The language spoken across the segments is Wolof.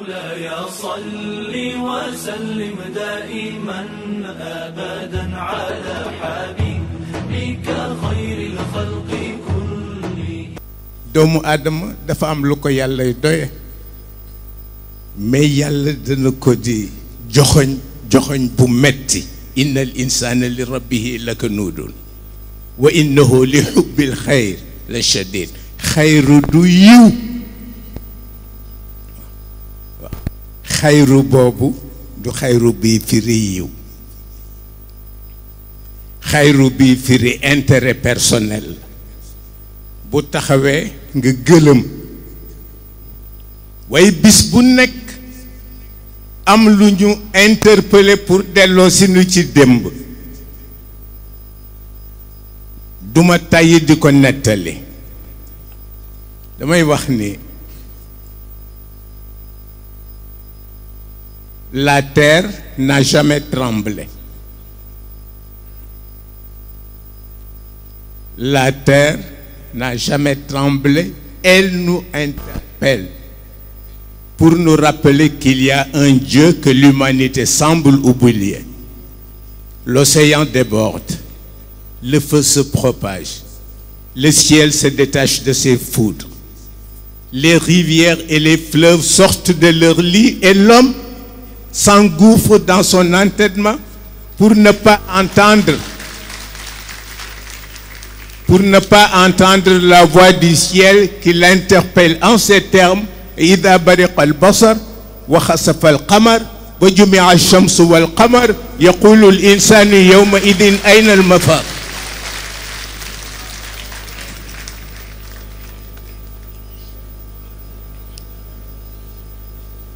مولاي صل وسلم دائما ابدا على حبيبك خير الخلق كلهم ادم دا فا ام لوكو يالا دوي مي يالا دا نكو دي جوخن جوخن بو متي ان الانسان لربه لكنود وانه لحب الخير لشديد خير دو يو xayru boobu du xayru bii firi yiw xayru bii firi intérêt personnel bu taxawee nga gëlëm way bis bu nekk am lu ñu interpeller pour delloo si nu ci démb duma tàyyi di ko nettali damay wax ni la terre n'a jamais tremblé. La terre n'a jamais tremblé. Elle nous interpelle pour nous rappeler qu'il y a un Dieu que l'humanité semble oublier. L'océan déborde, le feu se propage, le ciel se détache de ses foudres, les rivières et les fleuves sortent de leur lit et l'homme s'engouffre dans son entêtement pour ne pas entendre pour ne pas entendre la voix du ciel qui l'interpelle en ces termes إذا برق البصر وخسف القمر وجمع الشمس والقمر يقول الإنسان يومئذ أين المفر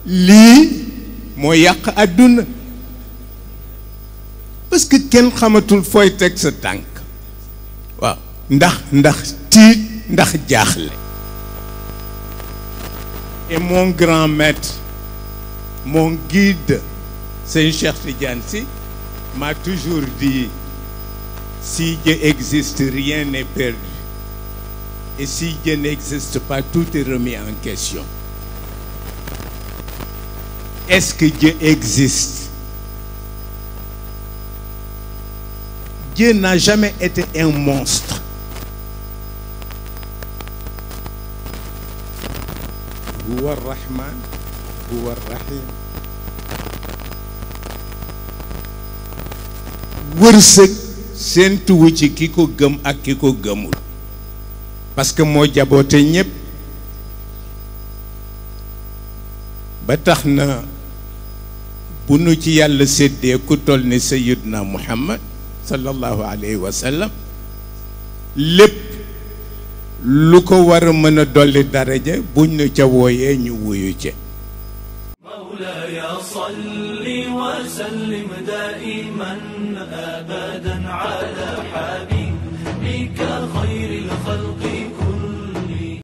lii moo yàq àdduna parce que kenn xamatul fooy teg sa tànk waaw ndax ndax tiit ndax jaaxle et mon grand maître mon guide Saint Cheikh Tidiane Sy m'a toujours dit si Dieu existe rien n'est perdu et si Dieu n'existe pas tout est remis en question est-ce que Dieu existe Dieu n'a jamais été un monstre. Wa Rahman, Rahim. wërsëg séentuwu ci ki ko gëm ak ki ko gëmul parce que moo jaboote ñépp ba tax buñu ci yàlla séddee ku tolni sayyidna muhammad sallallahu alayhi wa sallam lépp lu ko war a mën a dolli daraja buñ nu ca woyé ñu wuyu ci مولاي صل وسلم دائما ابدا على حبيبك خير الخلق